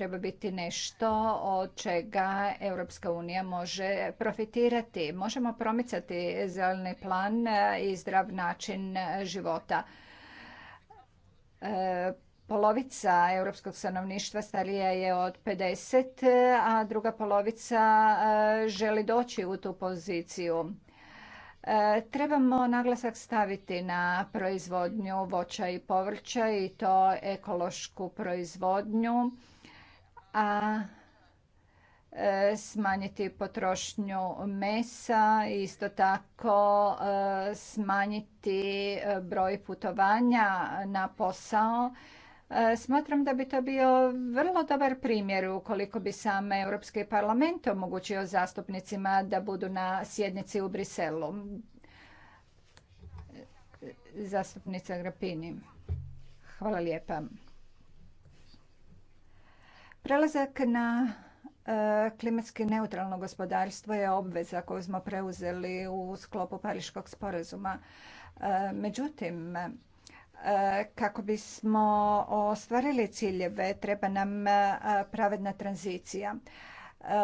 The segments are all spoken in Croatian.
treba biti nešto od čega Europska unija može profitirati. Možemo promicati zeleni plan i zdrav način života. E, polovica europskog stanovništva starija je od 50, a druga polovica e, želi doći u tu poziciju. E, trebamo naglasak staviti na proizvodnju voća i povrća i to ekološku proizvodnju a e, smanjiti potrošnju mesa, isto tako e, smanjiti e, broj putovanja na posao. Smatram da bi to bio vrlo dobar primjer ukoliko bi sam Europski parlament omogućio zastupnicima da budu na sjednici u Briselu. Zastupnica Grapini. Hvala lijepa. Prelazak na e, klimatski neutralno gospodarstvo je obveza koju smo preuzeli u sklopu Pariškog sporazuma. E, međutim, e, kako bismo ostvarili ciljeve treba nam pravedna tranzicija.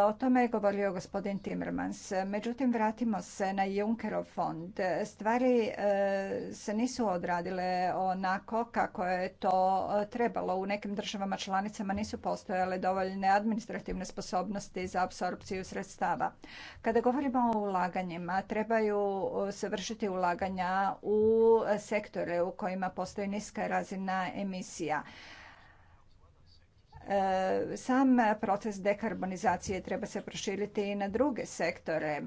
O tome je govorio gospodin Timmermans. Međutim, vratimo se na Junckerov fond. Stvari e, se nisu odradile onako kako je to e, trebalo. U nekim državama članicama nisu postojale dovoljne administrativne sposobnosti za apsorpciju sredstava. Kada govorimo o ulaganjima, trebaju e, se vršiti ulaganja u sektore u kojima postoji niska razina emisija E, sam proces dekarbonizacije treba se proširiti i na druge sektore,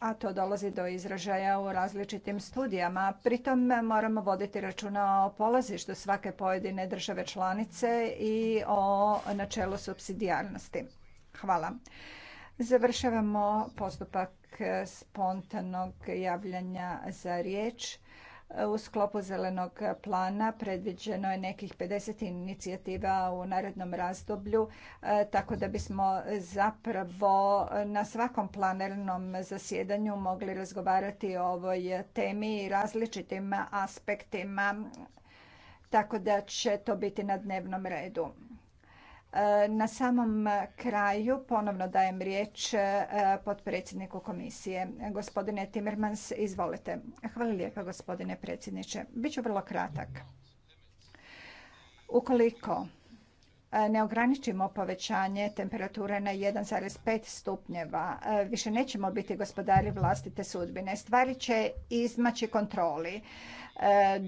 a to dolazi do izražaja u različitim studijama. Pritom moramo voditi računa o polazištu svake pojedine države članice i o načelu subsidijarnosti. Hvala. Završavamo postupak spontanog javljanja za riječ. U sklopu zelenog plana predviđeno je nekih 50 inicijativa u narednom razdoblju, e, tako da bismo zapravo na svakom planernom zasjedanju mogli razgovarati o ovoj temi i različitim aspektima, tako da će to biti na dnevnom redu. Eh, na samom kraju ponovno dajem riječ eh, potpredsjedniku komisije. Gospodine Timmermans, izvolite. Hvala lijepa gospodine predsjedniče. Biću vrlo kratak. Ukoliko ne ograničimo povećanje temperature na 1,5 stupnjeva, više nećemo biti gospodari vlastite sudbine. Stvari će izmaći kontroli.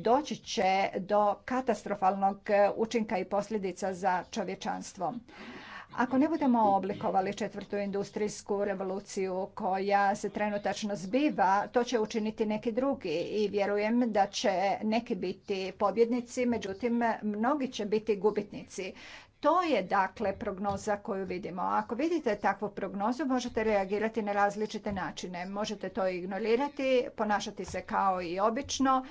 Doći će do katastrofalnog učinka i posljedica za čovječanstvo. Ako ne budemo oblikovali četvrtu industrijsku revoluciju koja se trenutačno zbiva, to će učiniti neki drugi i vjerujem da će neki biti pobjednici, međutim mnogi će biti gubitnici. To je dakle prognoza koju vidimo. Ako vidite takvu prognozu možete reagirati na različite načine. Možete to ignorirati, ponašati se kao i obično,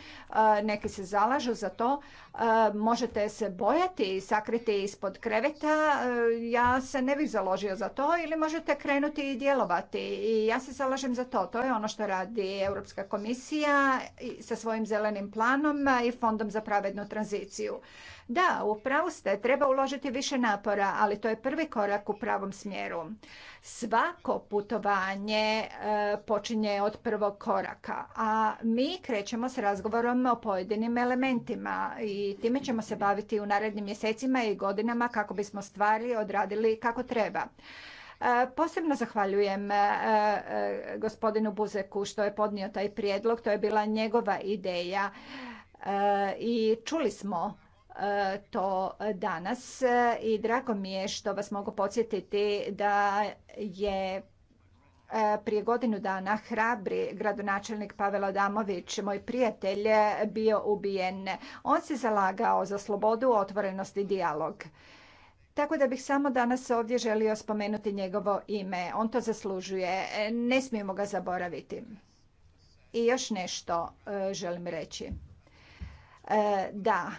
e, neki se zalažu za to, E, možete se bojati i sakriti ispod kreveta, e, ja se ne bih založio za to ili možete krenuti i djelovati i ja se zalažem za to. To je ono što radi Europska komisija sa svojim zelenim planom i fondom za pravednu tranziciju. Da, u pravu ste, treba uložiti više napora, ali to je prvi korak u pravom smjeru. Svako putovanje e, počinje od prvog koraka, a mi krećemo s razgovorom o pojedinim elementima i time ćemo se baviti u narednim mjesecima i godinama kako bismo stvari odradili kako treba. E, posebno zahvaljujem e, e, gospodinu Buzeku što je podnio taj prijedlog, to je bila njegova ideja i čuli smo to danas i drago mi je što vas mogu podsjetiti da je E, prije godinu dana hrabri gradonačelnik Pavel Adamović, moj prijatelj, e, bio ubijen. On se zalagao za slobodu, otvorenost i dijalog. Tako da bih samo danas ovdje želio spomenuti njegovo ime. On to zaslužuje. E, ne smijemo ga zaboraviti. I još nešto želim reći. Da,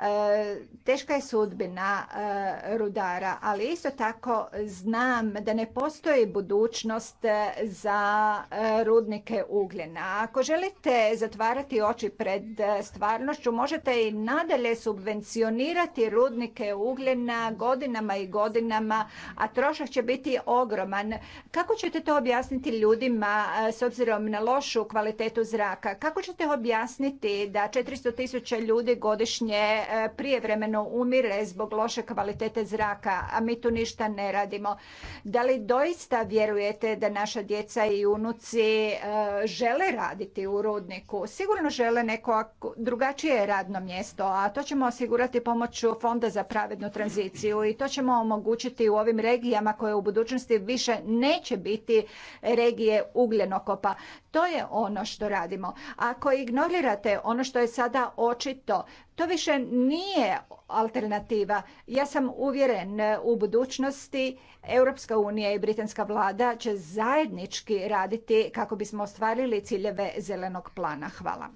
E, teška je sudbina e, rudara, ali isto tako znam da ne postoji budućnost e, za rudnike ugljena. Ako želite zatvarati oči pred stvarnošću, možete i nadalje subvencionirati rudnike ugljena godinama i godinama, a trošak će biti ogroman. Kako ćete to objasniti ljudima s obzirom na lošu kvalitetu zraka? Kako ćete objasniti da 400 tisuća ljudi godišnje E, prijevremeno umire zbog loše kvalitete zraka, a mi tu ništa ne radimo. Da li doista vjerujete da naša djeca i unuci e, žele raditi u rudniku? Sigurno žele neko drugačije radno mjesto, a to ćemo osigurati pomoću Fonda za pravednu tranziciju i to ćemo omogućiti u ovim regijama koje u budućnosti više neće biti regije ugljenokopa. To je ono što radimo. Ako ignorirate ono što je sada očito, to više nije alternativa. Ja sam uvjeren u budućnosti Europska unija i britanska vlada će zajednički raditi kako bismo ostvarili ciljeve zelenog plana. Hvala.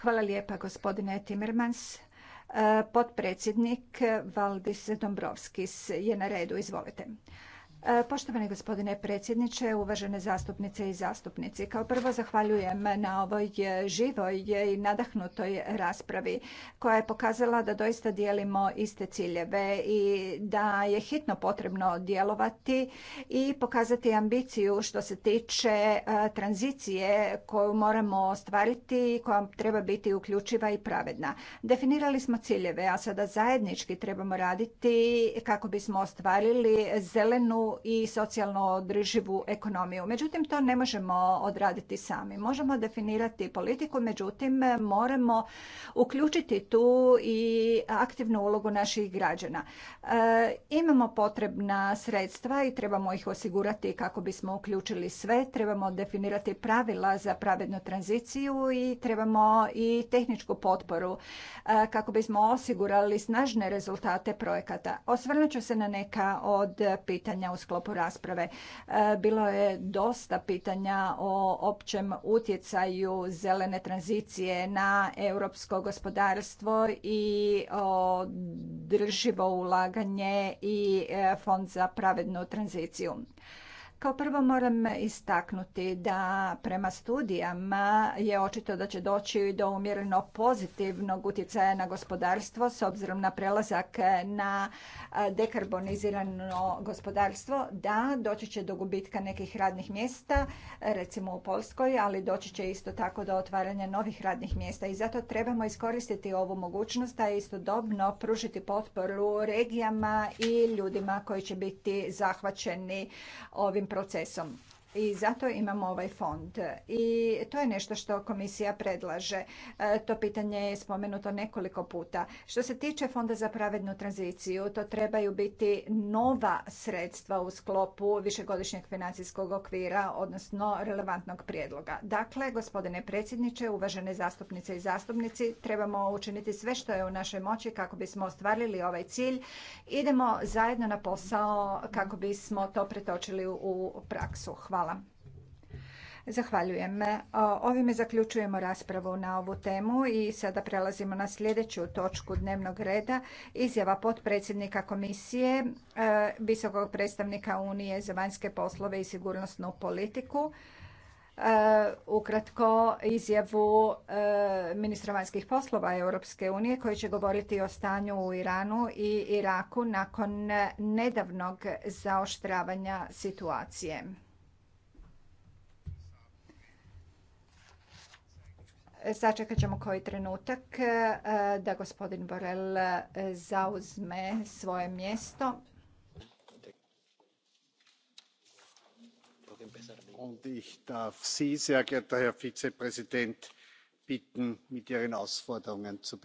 Hvala lijepa gospodine Timmermans. E, potpredsjednik Valdis Dombrovskis je na redu. Izvolite. E, poštovani gospodine predsjedniče, uvažene zastupnice i zastupnici. Kao prvo zahvaljujem na ovoj živoj i nadahnutoj raspravi koja je pokazala da doista dijelimo iste ciljeve i da je hitno potrebno djelovati i pokazati ambiciju što se tiče e, tranzicije koju moramo ostvariti i koja treba biti uključiva i pravedna. Definirali smo ciljeve, a sada zajednički trebamo raditi kako bismo ostvarili zelenu i socijalno održivu ekonomiju. Međutim, to ne možemo odraditi sami. Možemo definirati politiku, međutim, moramo uključiti tu i aktivnu ulogu naših građana. E, imamo potrebna sredstva i trebamo ih osigurati kako bismo uključili sve. Trebamo definirati pravila za pravednu tranziciju i trebamo i tehničku potporu e, kako bismo osigurali snažne rezultate projekata. Osvrnut ću se na neka od pitanja u sklopu rasprave. E, bilo je dosta pitanja o općem utjecaju zelene tranzicije na europsko gospodarstvo i o drživo ulaganje i e, fond za pravednu tranziciju. Kao prvo moram istaknuti da prema studijama je očito da će doći do umjereno pozitivnog utjecaja na gospodarstvo s obzirom na prelazak na dekarbonizirano gospodarstvo. Da, doći će do gubitka nekih radnih mjesta, recimo u Polskoj, ali doći će isto tako do otvaranja novih radnih mjesta i zato trebamo iskoristiti ovu mogućnost, a istodobno pružiti potporu regijama i ljudima koji će biti zahvaćeni ovim procesom i zato imamo ovaj fond. I to je nešto što komisija predlaže. E, to pitanje je spomenuto nekoliko puta. Što se tiče fonda za pravednu tranziciju, to trebaju biti nova sredstva u sklopu višegodišnjeg financijskog okvira, odnosno relevantnog prijedloga. Dakle, gospodine predsjedniče, uvažene zastupnice i zastupnici, trebamo učiniti sve što je u našoj moći kako bismo ostvarili ovaj cilj. Idemo zajedno na posao kako bismo to pretočili u praksu. Hvala. Hvala. Zahvaljujem. E, ovime zaključujemo raspravu na ovu temu i sada prelazimo na sljedeću točku dnevnog reda. Izjava potpredsjednika komisije, e, visokog predstavnika Unije za vanjske poslove i sigurnosnu politiku. E, ukratko izjavu ministra vanjskih poslova Europske unije koji će govoriti o stanju u Iranu i Iraku nakon nedavnog zaoštravanja situacije. Sačekat ćemo koji trenutak e, da gospodin Borel e, zauzme svoje mjesto. Und ich darf Sie, sehr geehrter Herr Vizepräsident, bitten, mit Ihren Ausforderungen zu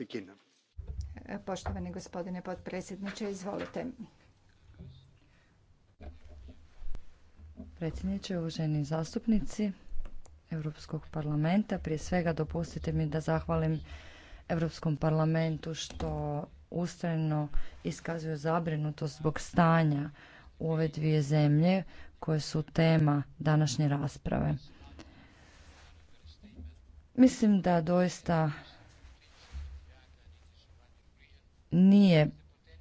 e, Poštovani gospodine potpredsjedniče, izvolite. Predsjedniče, uvaženi zastupnici, Europskog parlamenta. Prije svega dopustite mi da zahvalim Europskom parlamentu što ustrajno iskazuje zabrinutost zbog stanja u ove dvije zemlje koje su tema današnje rasprave. Mislim da doista nije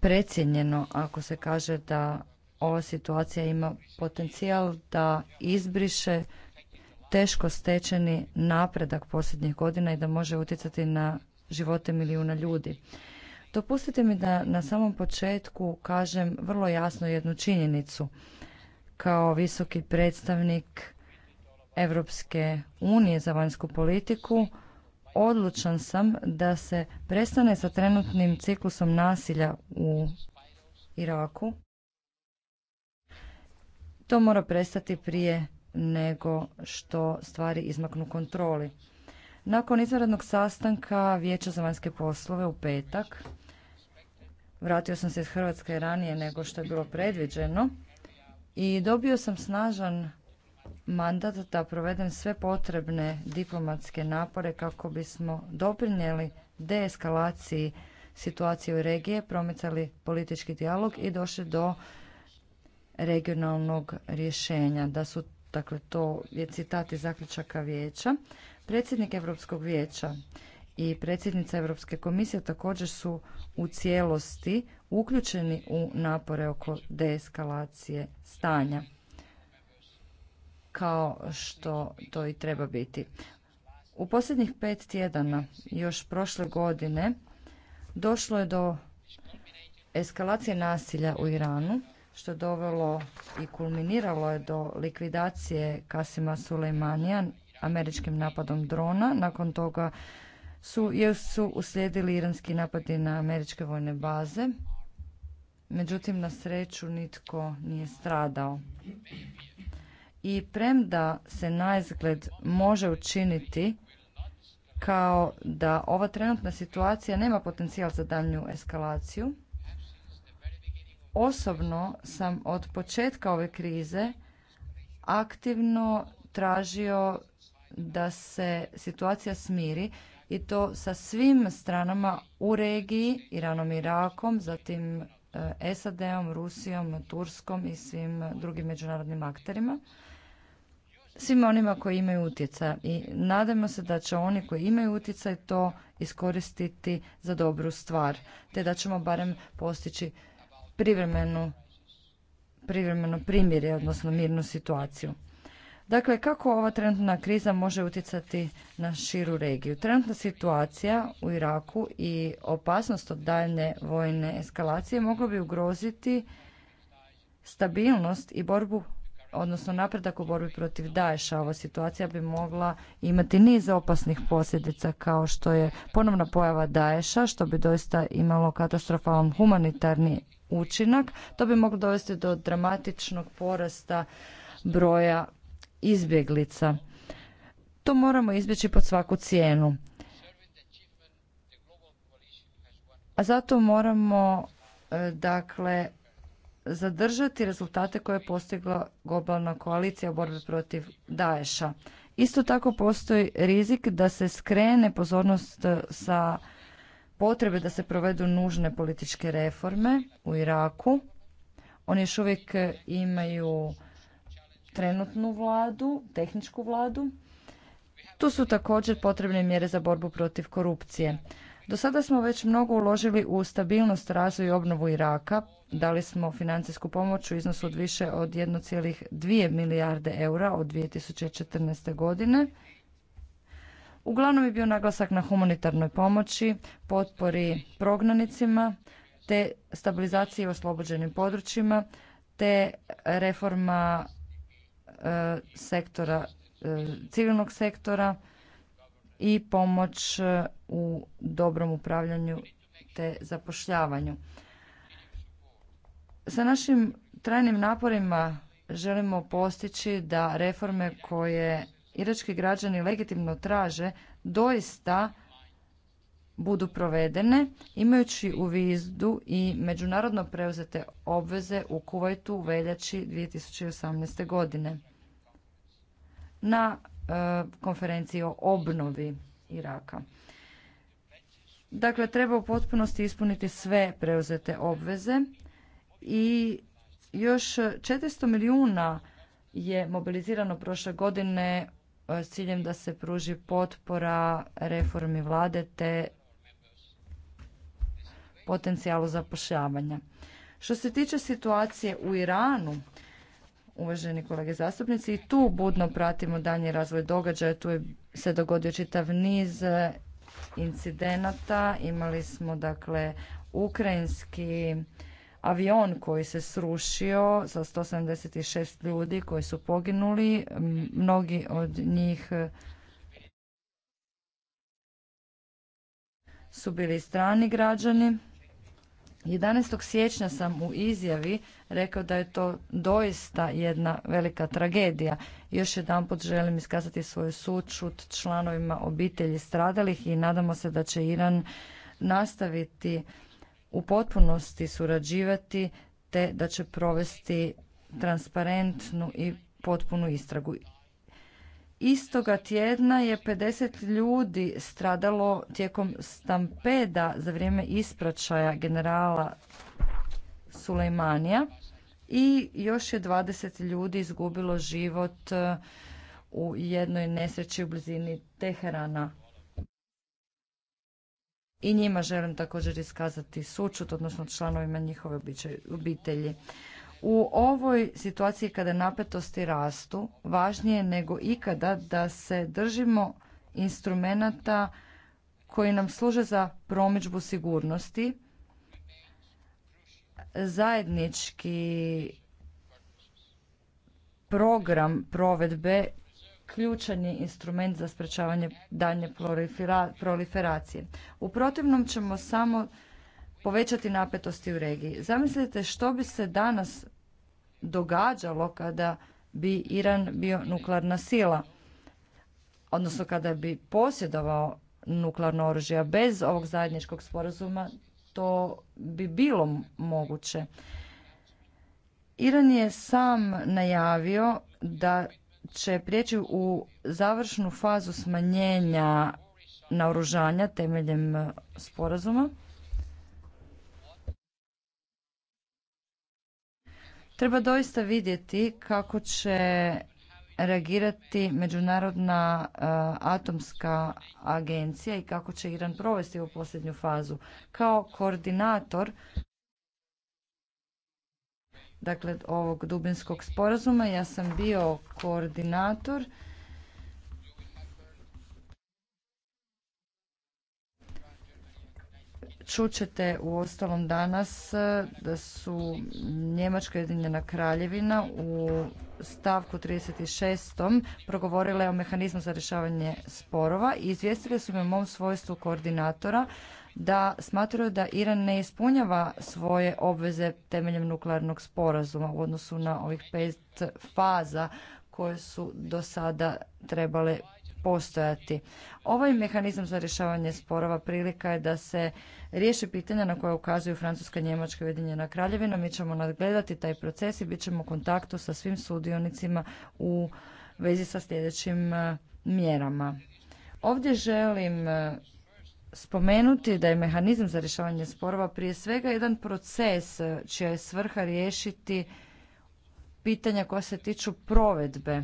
precijenjeno ako se kaže da ova situacija ima potencijal da izbriše teško stečeni napredak posljednjih godina i da može utjecati na živote milijuna ljudi. Dopustite mi da na samom početku kažem vrlo jasno jednu činjenicu. Kao visoki predstavnik Europske unije za vanjsku politiku odlučan sam da se prestane sa trenutnim ciklusom nasilja u Iraku. To mora prestati prije nego što stvari izmaknu kontroli. Nakon izvanrednog sastanka Vijeća za vanjske poslove u petak, vratio sam se iz Hrvatske ranije nego što je bilo predviđeno i dobio sam snažan mandat da provedem sve potrebne diplomatske napore kako bismo doprinijeli deeskalaciji situacije u regije, promicali politički dijalog i došli do regionalnog rješenja, da su dakle to je citat iz zaključaka vijeća. Predsjednik Europskog vijeća i predsjednica Europske komisije također su u cijelosti uključeni u napore oko deeskalacije stanja kao što to i treba biti. U posljednjih pet tjedana, još prošle godine, došlo je do eskalacije nasilja u Iranu što je dovelo i kulminiralo je do likvidacije Kasima Sulejmanija američkim napadom drona. Nakon toga su, su uslijedili iranski napadi na američke vojne baze. Međutim, na sreću nitko nije stradao. I premda se naizgled može učiniti kao da ova trenutna situacija nema potencijal za daljnju eskalaciju, Osobno sam od početka ove krize aktivno tražio da se situacija smiri i to sa svim stranama u regiji, Iranom i Irakom, zatim e, SAD-om, Rusijom, Turskom i svim drugim međunarodnim akterima. Svima onima koji imaju utjecaj. i nadamo se da će oni koji imaju utjecaj to iskoristiti za dobru stvar, te da ćemo barem postići privremenu privremeno primirje, odnosno mirnu situaciju. Dakle, kako ova trenutna kriza može utjecati na širu regiju? Trenutna situacija u Iraku i opasnost od daljne vojne eskalacije mogla bi ugroziti stabilnost i borbu odnosno napredak u borbi protiv Daesha. Ova situacija bi mogla imati niz opasnih posljedica kao što je ponovna pojava Daesha, što bi doista imalo katastrofalan humanitarni učinak. To bi moglo dovesti do dramatičnog porasta broja izbjeglica. To moramo izbjeći pod svaku cijenu. A zato moramo e, dakle zadržati rezultate koje je postigla globalna koalicija u borbi protiv Daesha. Isto tako postoji rizik da se skrene pozornost e, sa potrebe da se provedu nužne političke reforme u Iraku. Oni još uvijek imaju trenutnu vladu, tehničku vladu. Tu su također potrebne mjere za borbu protiv korupcije. Do sada smo već mnogo uložili u stabilnost, razvoj i obnovu Iraka. Dali smo financijsku pomoć u iznosu od više od 1,2 milijarde eura od 2014. godine Uglavnom je bio naglasak na humanitarnoj pomoći, potpori prognanicima, te stabilizaciji u oslobođenim područjima, te reforma e, sektora, e, civilnog sektora i pomoć e, u dobrom upravljanju te zapošljavanju. Sa našim trajnim naporima želimo postići da reforme koje irački građani legitimno traže doista budu provedene imajući u vidu i međunarodno preuzete obveze u Kuvajtu u veljači 2018. godine na e, konferenciji o obnovi Iraka. Dakle, treba u potpunosti ispuniti sve preuzete obveze i još 400 milijuna je mobilizirano prošle godine E, s ciljem da se pruži potpora reformi vlade te potencijalu zapošljavanja. Što se tiče situacije u Iranu, uvaženi kolege zastupnici, i tu budno pratimo daljnji razvoj događaja. Tu je se dogodio čitav niz e, incidenata. Imali smo dakle ukrajinski avion koji se srušio sa 176 ljudi koji su poginuli, mnogi od njih e, su bili strani građani. 11. siječnja sam u izjavi rekao da je to doista jedna velika tragedija. Još jedanput želim iskazati svoju sučut članovima obitelji stradalih i nadamo se da će Iran nastaviti u potpunosti surađivati te da će provesti transparentnu i potpunu istragu. Istoga tjedna je 50 ljudi stradalo tijekom stampeda za vrijeme ispraćaja generala Sulejmanija i još je 20 ljudi izgubilo život e, u jednoj nesreći u blizini Teherana i njima želim također iskazati sučut, odnosno članovima njihove obitelji. U ovoj situaciji kada napetosti rastu, važnije je nego ikada da se držimo instrumenta koji nam služe za promičbu sigurnosti, zajednički program provedbe ključan je instrument za sprečavanje daljnje proliferacije. U protivnom ćemo samo povećati napetosti u regiji. Zamislite što bi se danas događalo kada bi Iran bio nuklearna sila, odnosno kada bi posjedovao nuklearno oružje. bez ovog zajedničkog sporazuma to bi bilo moguće. Iran je sam najavio da će prijeći u završnu fazu smanjenja naoružanja temeljem e, sporazuma. Treba doista vidjeti kako će reagirati Međunarodna e, atomska agencija i kako će Iran provesti ovu posljednju fazu. Kao koordinator dakle ovog dubinskog sporazuma. Ja sam bio koordinator Čućete u ostalom danas eh, da su Njemačka jedinjena kraljevina u stavku 36. progovorile o mehanizmu za rješavanje sporova i izvijestile su me u mom svojstvu koordinatora da smatraju da Iran ne ispunjava svoje obveze temeljem nuklearnog sporazuma u odnosu na ovih pet faza koje su do sada trebale postojati. Ovaj mehanizam za rješavanje sporova prilika je da se riješi pitanja na koje ukazuju Francuska, Njemačka i Ujedinjena Kraljevina. Mi ćemo nadgledati taj proces i bit ćemo u kontaktu sa svim sudionicima u vezi sa sljedećim eh, mjerama. Ovdje želim eh, spomenuti da je mehanizam za rješavanje sporova prije svega jedan proces čija je svrha riješiti pitanja koja se tiču provedbe.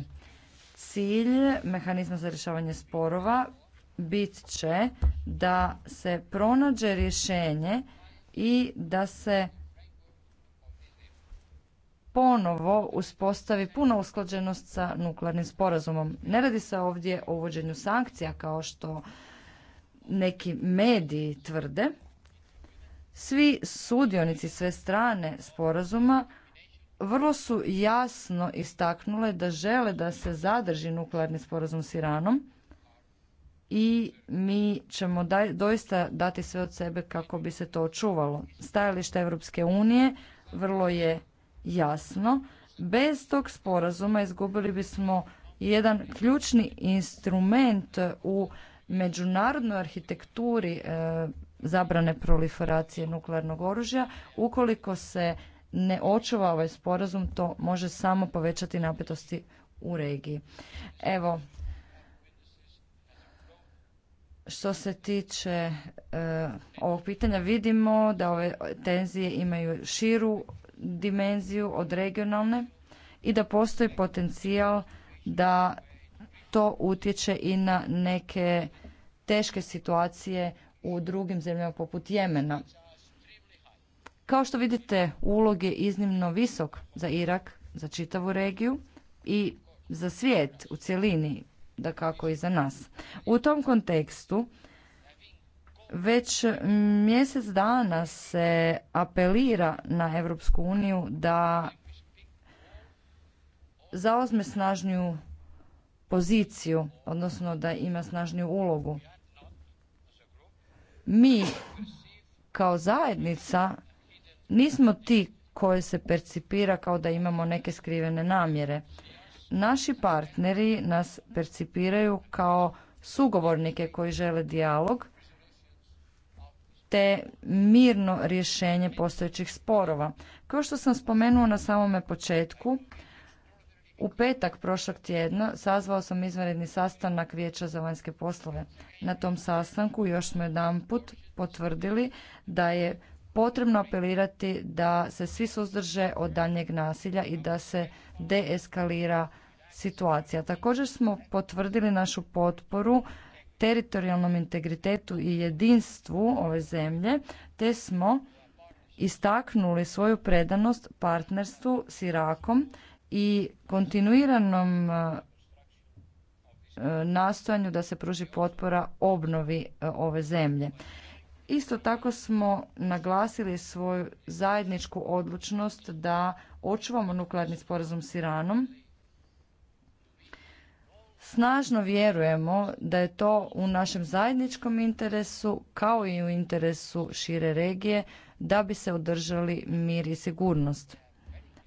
Cilj mehanizma za rješavanje sporova bit će da se pronađe rješenje i da se ponovo uspostavi puna usklađenost sa nuklearnim sporazumom. Ne radi se ovdje o uvođenju sankcija kao što neki mediji tvrde, svi sudionici sve strane sporazuma vrlo su jasno istaknule da žele da se zadrži nuklearni sporazum s Iranom i mi ćemo doista dati sve od sebe kako bi se to očuvalo. Stajalište Europske unije vrlo je jasno. Bez tog sporazuma izgubili bismo jedan ključni instrument u međunarodnoj arhitekturi e, zabrane proliferacije nuklearnog oružja ukoliko se ne očuva ovaj sporazum to može samo povećati napetosti u regiji. Evo što se tiče e, ovog pitanja vidimo da ove tenzije imaju širu dimenziju od regionalne i da postoji potencijal da to utječe i na neke teške situacije u drugim zemljama poput Jemena. Kao što vidite, ulog je iznimno visok za Irak, za čitavu regiju i za svijet u cjelini, da kako i za nas. U tom kontekstu već mjesec dana se apelira na Europsku uniju da zaozme snažniju poziciju, odnosno da ima snažniju ulogu mi kao zajednica nismo ti koji se percipira kao da imamo neke skrivene namjere. Naši partneri nas percipiraju kao sugovornike koji žele dijalog te mirno rješenje postojećih sporova. Kao što sam spomenuo na samome početku, u petak prošlog tjedna sazvao sam izvanredni sastanak Vijeća za vanjske poslove. Na tom sastanku još smo jedanput potvrdili da je potrebno apelirati da se svi suzdrže od daljnjeg nasilja i da se deeskalira situacija. Također smo potvrdili našu potporu teritorijalnom integritetu i jedinstvu ove zemlje, te smo istaknuli svoju predanost partnerstvu s Irakom i kontinuiranom e, e, nastojanju da se pruži potpora obnovi e, ove zemlje. Isto tako smo naglasili svoju zajedničku odlučnost da očuvamo nuklearni sporazum s Iranom. Snažno vjerujemo da je to u našem zajedničkom interesu kao i u interesu šire regije da bi se održali mir i sigurnost.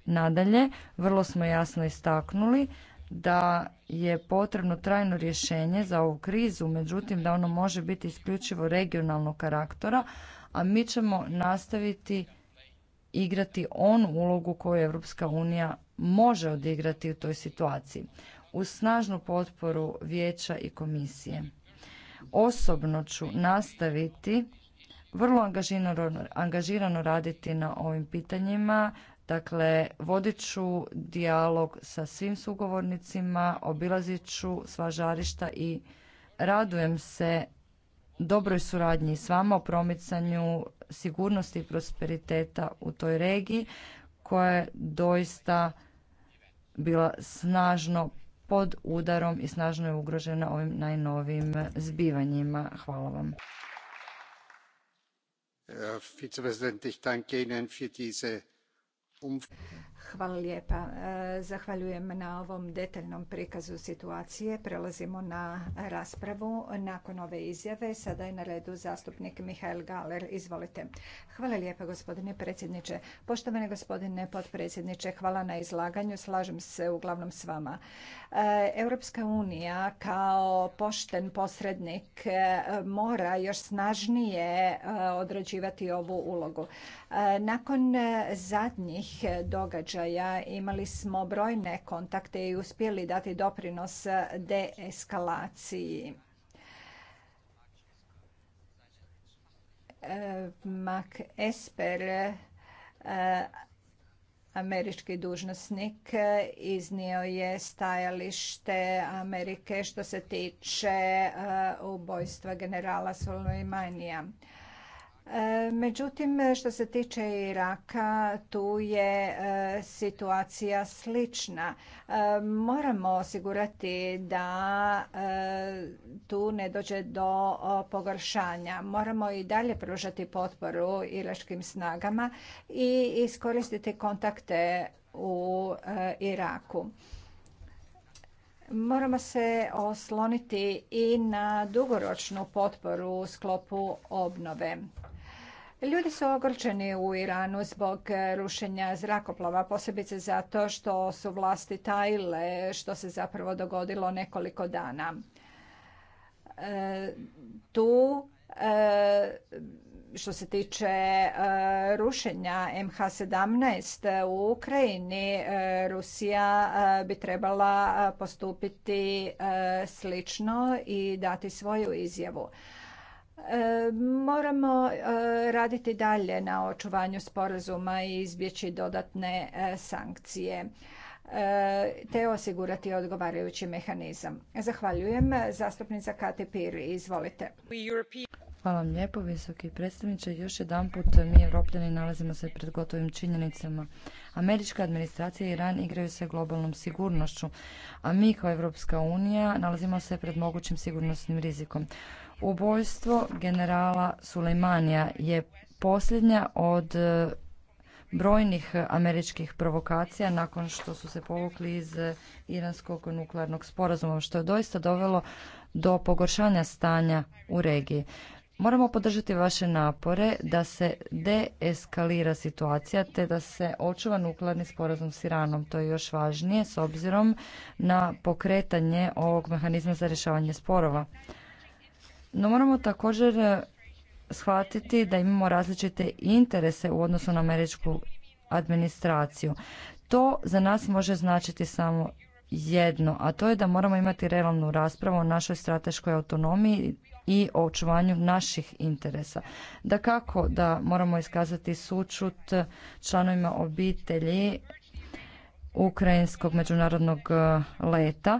Nadalje, vrlo smo jasno istaknuli da je potrebno trajno rješenje za ovu krizu, međutim da ono može biti isključivo regionalnog karaktera, a mi ćemo nastaviti igrati onu ulogu koju Europska unija može odigrati u toj situaciji uz snažnu potporu vijeća i komisije. Osobno ću nastaviti vrlo angažirano raditi na ovim pitanjima Dakle, vodit ću dijalog sa svim sugovornicima, obilazit ću sva žarišta i radujem se dobroj suradnji s vama u promicanju sigurnosti i prosperiteta u toj regiji koja je doista bila snažno pod udarom i snažno je ugrožena ovim najnovijim zbivanjima. Hvala vam. Hvala lijepa. E, zahvaljujem na ovom detaljnom prikazu situacije. Prelazimo na raspravu. Nakon ove izjave sada je na redu zastupnik Mihael Galer. Izvolite. Hvala lijepa gospodine predsjedniče. Poštovani gospodine potpredsjedniče, hvala na izlaganju. Slažem se uglavnom s vama. E, Europska unija kao pošten posrednik e, mora još snažnije odrađivati ovu ulogu. Nakon zadnjih E, događaja imali smo brojne kontakte i uspjeli dati doprinos e, deeskalaciji. E, Mark Esper, američki dužnosnik, iznio je stajalište Amerike što se tiče ubojstva generala Soleimanija. E, međutim, što se tiče Iraka, tu je e, situacija slična. E, moramo osigurati da tu ne dođe do pogoršanja. Moramo i dalje pružati potporu iračkim snagama i iskoristiti kontakte u Iraku. Moramo se osloniti i na dugoročnu potporu u sklopu obnove. Ljudi su ogorčeni u Iranu zbog e, rušenja zrakoplova, posebice zato što su vlasti tajile, što se zapravo dogodilo nekoliko dana. E, tu e, što se tiče rušenja MH17 u Ukrajini, Rusija bi trebala postupiti slično i dati svoju izjavu. E, moramo e, raditi dalje na očuvanju sporazuma i izbjeći dodatne e, sankcije te osigurati odgovarajući mehanizam. Zahvaljujem. Zastupnica Kati izvolite. Hvala vam lijepo, visoki predstavniče. Još jedan put mi, evropljani, nalazimo se pred gotovim činjenicama. Američka administracija i Iran igraju se globalnom sigurnošću, a mi kao Evropska unija nalazimo se pred mogućim sigurnosnim rizikom. Ubojstvo generala Sulejmanija je posljednja od e, brojnih američkih provokacija nakon što su se povukli iz iranskog nuklearnog sporazuma, što je doista dovelo do pogoršanja stanja u regiji. Moramo podržati vaše napore da se deeskalira situacija te da se očuva nuklearni sporazum s Iranom. To je još važnije s obzirom na pokretanje ovog mehanizma za rješavanje sporova. No moramo također e, shvatiti da imamo različite interese u odnosu na američku administraciju. To za nas može značiti samo jedno, a to je da moramo imati realnu raspravu o našoj strateškoj autonomiji i o očuvanju naših interesa. Da kako da moramo iskazati sučut članovima obitelji ukrajinskog međunarodnog e, leta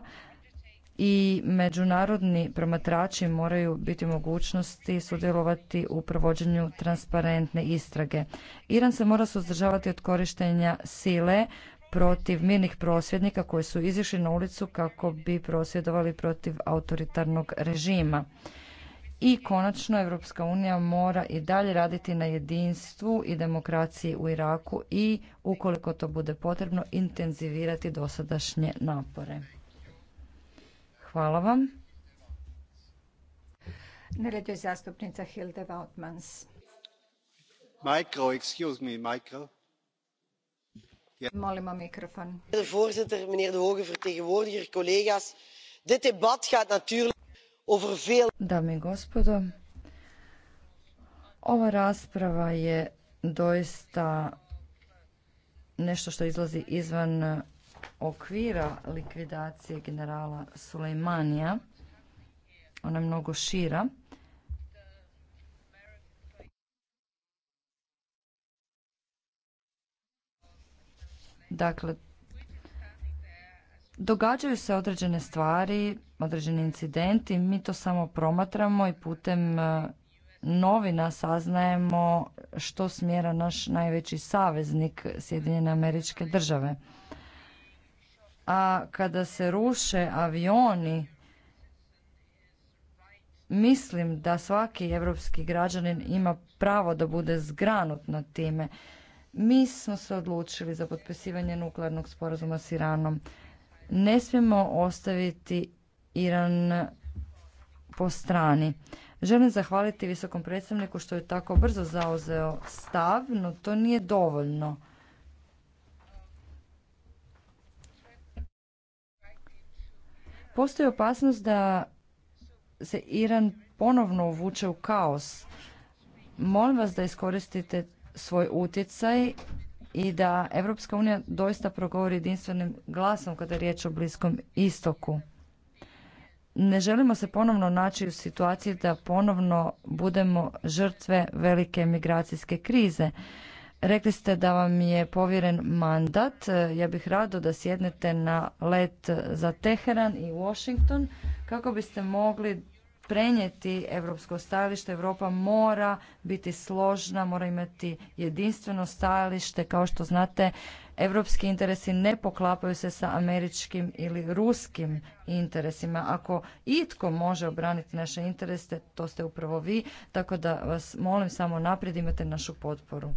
i međunarodni promatrači moraju biti u mogućnosti sudjelovati u provođenju transparentne istrage. Iran se mora suzdržavati od korištenja sile protiv mirnih prosvjednika koji su izišli na ulicu kako bi prosvjedovali protiv autoritarnog režima. I konačno Evropska unija mora i dalje raditi na jedinstvu i demokraciji u Iraku i ukoliko to bude potrebno intenzivirati dosadašnje napore. Hvala vam. Na redu je zastupnica Hilde Vautmans. Micro, excuse me, micro. Yeah. Molimo mikrofon. Voorzitter, meneer de hoge vertegenwoordiger, collega's. Dit debat gaat natuurlijk over veel... Dame i gospodo, ova rasprava je doista nešto što izlazi izvan okvira likvidacije generala Sulejmanija. Ona je mnogo šira. Dakle, događaju se određene stvari, određeni incidenti, mi to samo promatramo i putem e, novina saznajemo što smjera naš najveći saveznik Sjedinjene američke države a kada se ruše avioni mislim da svaki europski građanin ima pravo da bude zgranut nad time. Mi smo se odlučili za potpisivanje nuklearnog sporazuma s Iranom. Ne smijemo ostaviti Iran po strani. Želim zahvaliti visokom predstavniku što je tako brzo zauzeo stav, no to nije dovoljno. Postoji opasnost da se Iran ponovno uvuče u kaos. Molim vas da iskoristite svoj utjecaj i da Europska unija doista progovori jedinstvenim glasom kada je riječ o Bliskom istoku. Ne želimo se ponovno naći u situaciji da ponovno budemo žrtve velike migracijske krize. Rekli ste da vam je povjeren mandat. Ja bih rado da sjednete na let za Teheran i Washington kako biste mogli prenijeti europsko stajalište. Europa mora biti složna, mora imati jedinstveno stajalište. Kao što znate, europski interesi ne poklapaju se sa američkim ili ruskim interesima. Ako itko može obraniti naše interese, to ste upravo vi, tako da vas molim samo naprijed imate našu potporu.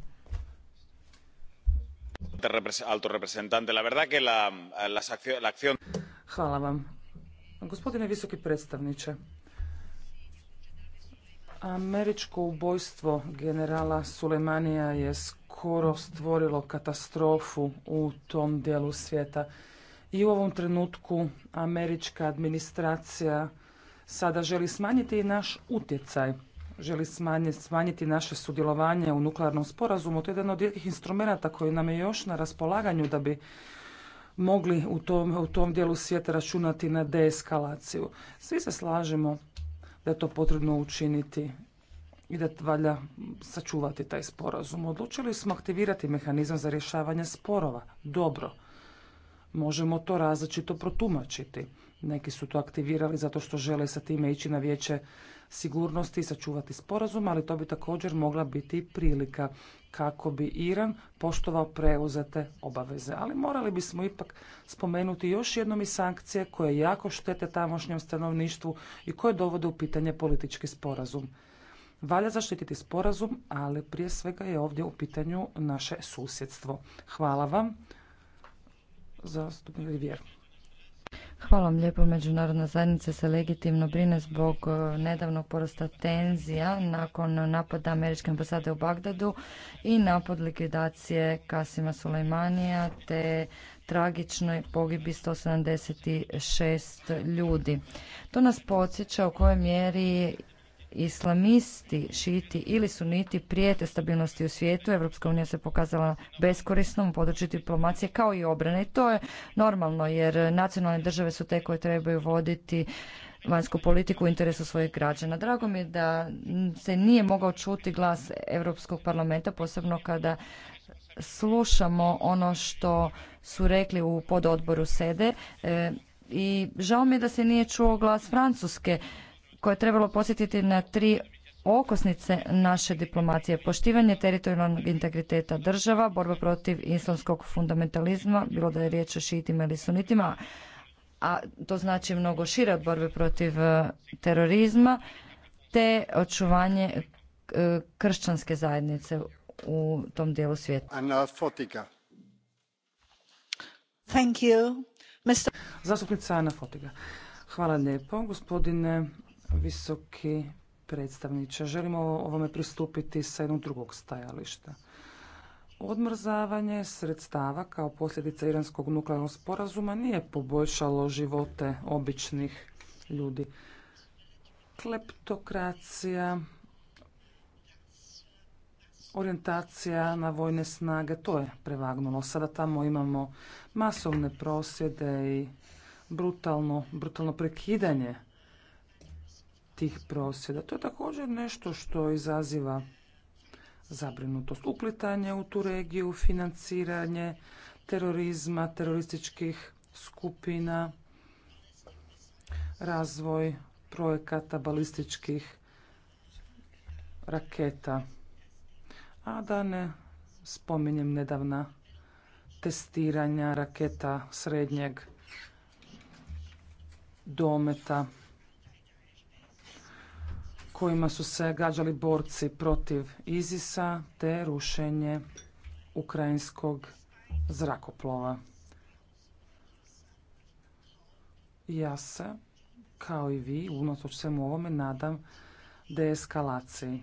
Hvala vam. Gospodine visoki predstavniče, američko ubojstvo generala Sulejmanija je skoro stvorilo katastrofu u tom dijelu svijeta. I u ovom trenutku američka administracija sada želi smanjiti naš utjecaj želi smanjiti naše sudjelovanje u nuklearnom sporazumu. To je jedan od rijetkih instrumenata koji nam je još na raspolaganju da bi mogli u tom, u tom dijelu svijeta računati na deeskalaciju. Svi se slažemo da je to potrebno učiniti i da valja sačuvati taj sporazum. Odlučili smo aktivirati mehanizam za rješavanje sporova. Dobro. Možemo to različito protumačiti. Neki su to aktivirali zato što žele sa time ići na vijeće sigurnosti i sačuvati sporazum, ali to bi također mogla biti prilika kako bi Iran poštovao preuzete obaveze. Ali morali bismo ipak spomenuti još jednom i sankcije koje jako štete tamošnjem stanovništvu i koje dovode u pitanje politički sporazum. Valja zaštititi sporazum, ali prije svega je ovdje u pitanju naše susjedstvo. Hvala vam, zastupnik Vjer. Hvala vam lijepo. Međunarodna zajednica se legitimno brine zbog e, nedavnog porasta tenzija nakon napada američke ambasade u Bagdadu i napad likvidacije Kasima Sulejmanija te tragičnoj pogibi 176 ljudi. To nas podsjeća u kojoj mjeri islamisti, šiti ili suniti prijete stabilnosti u svijetu. Evropska unija se pokazala beskorisnom u području diplomacije kao i obrane. I to je normalno jer nacionalne države su te koje trebaju voditi vanjsku politiku u interesu svojih građana. Drago mi je da se nije mogao čuti glas Europskog parlamenta, posebno kada slušamo ono što su rekli u pododboru SEDE e, i žao mi je da se nije čuo glas Francuske koje je trebalo posjetiti na tri okosnice naše diplomacije, poštivanje teritorijalnog integriteta država, borba protiv islamskog fundamentalizma, bilo da je riječ o šitima ili sunitima, a to znači mnogo šire od borbe protiv e, terorizma, te očuvanje e, kršćanske zajednice u tom dijelu svijeta. Zastupnica Ana Fotiga. Hvala lijepo, gospodine visoki predstavniče. Želimo ovome pristupiti sa jednog drugog stajališta. Odmrzavanje sredstava kao posljedica iranskog nuklearnog sporazuma nije poboljšalo živote običnih ljudi. Kleptokracija, orijentacija na vojne snage, to je prevagnulo. Sada tamo imamo masovne prosvjede i brutalno, brutalno prekidanje tih prosvjeda. To je također nešto što izaziva zabrinutost. Uplitanje u tu regiju, financiranje terorizma, terorističkih skupina, razvoj projekata balističkih raketa. A da ne spominjem nedavna testiranja raketa srednjeg dometa kojima su se gađali borci protiv Izisa te rušenje ukrajinskog zrakoplova. Ja se, kao i vi, unatoč svemu ovome, nadam deeskalaciji.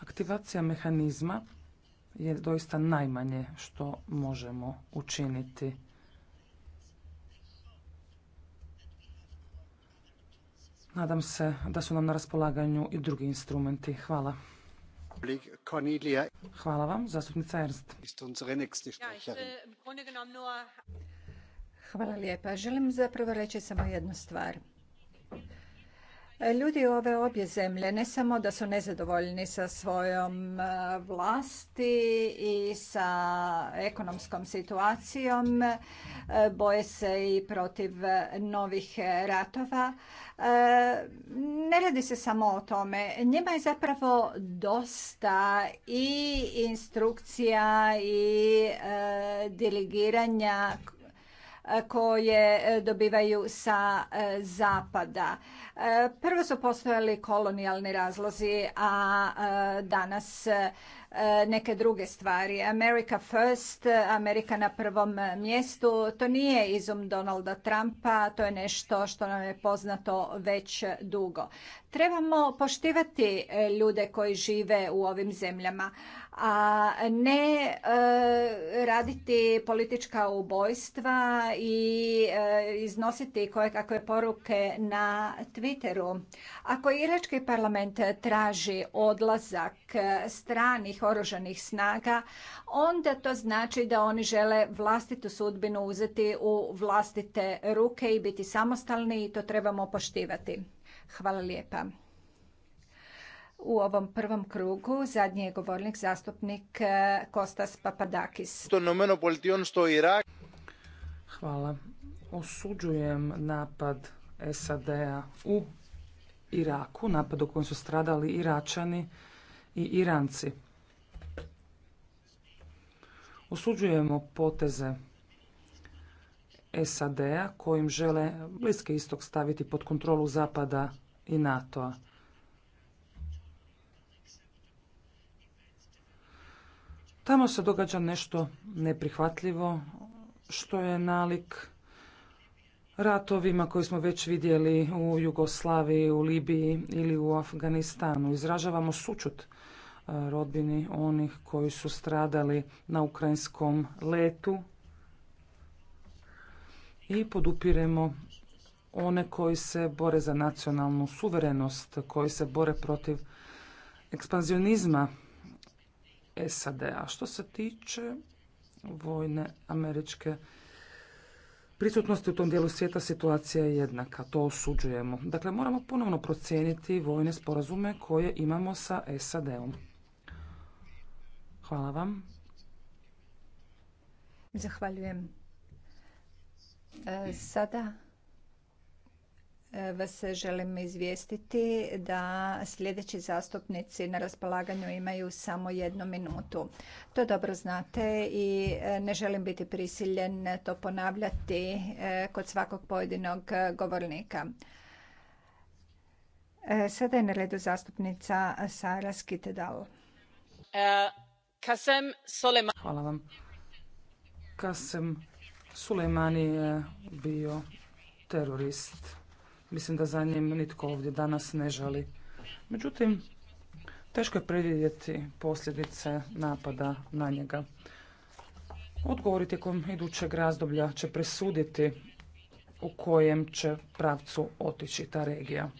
Aktivacija mehanizma je doista najmanje što možemo učiniti. Nadam se da su nam na raspolaganju i drugi instrumenti. Hvala. Hvala vam, zastupnica Ernst. Hvala lijepa. Želim zapravo reći samo jednu stvar. Ljudi u ove obje zemlje ne samo da su nezadovoljni sa svojom e, vlasti i sa ekonomskom situacijom, e, boje se i protiv novih ratova. E, ne radi se samo o tome. Njima je zapravo dosta i instrukcija i delegiranja koje e, dobivaju sa e, zapada. E, prvo su postojali kolonijalni razlozi, a danas neke druge stvari. America first, Amerika na prvom mjestu, to nije izum Donalda Trumpa, to je nešto što nam je poznato već dugo. Trebamo poštivati ljude koji žive u ovim zemljama a ne e, raditi politička ubojstva i e, iznositi koje kakve poruke na Twitteru. Ako Irački parlament traži odlazak e, stranih oružanih snaga, onda to znači da oni žele vlastitu sudbinu uzeti u vlastite ruke i biti samostalni i to trebamo poštivati. Hvala lijepa. U ovom prvom krugu zadnji je govornik zastupnik e, Kostas Papadakis. Hvala. Osuđujem napad SAD-a u Iraku, napad u kojem su stradali Iračani i Iranci. Osuđujemo poteze SAD-a kojim žele Bliski istok staviti pod kontrolu Zapada i NATO-a. Tamo se događa nešto neprihvatljivo što je nalik ratovima koji smo već vidjeli u Jugoslaviji, u Libiji ili u Afganistanu. Izražavamo sučut e, rodbini onih koji su stradali na ukrajinskom letu i podupiremo one koji se bore za nacionalnu suverenost, koji se bore protiv ekspanzionizma SAD-a. Što se tiče vojne američke prisutnosti u tom dijelu svijeta situacija je jednaka, to osuđujemo. Dakle, moramo ponovno procijeniti vojne sporazume koje imamo sa SAD-om. Hvala vam. Zahvaljujem. E, sada vas želim izvijestiti da sljedeći zastupnici na raspolaganju imaju samo jednu minutu. To dobro znate i e, ne želim biti prisiljen to ponavljati e, kod svakog pojedinog govornika. E, sada je na redu zastupnica Sara Skitedal. Hvala vam. Kasem je bio terorist Mislim da za njim nitko ovdje danas ne žali. Međutim, teško je predvidjeti posljedice napada na njega. Odgovori tijekom idućeg razdoblja će presuditi u kojem će pravcu otići ta regija.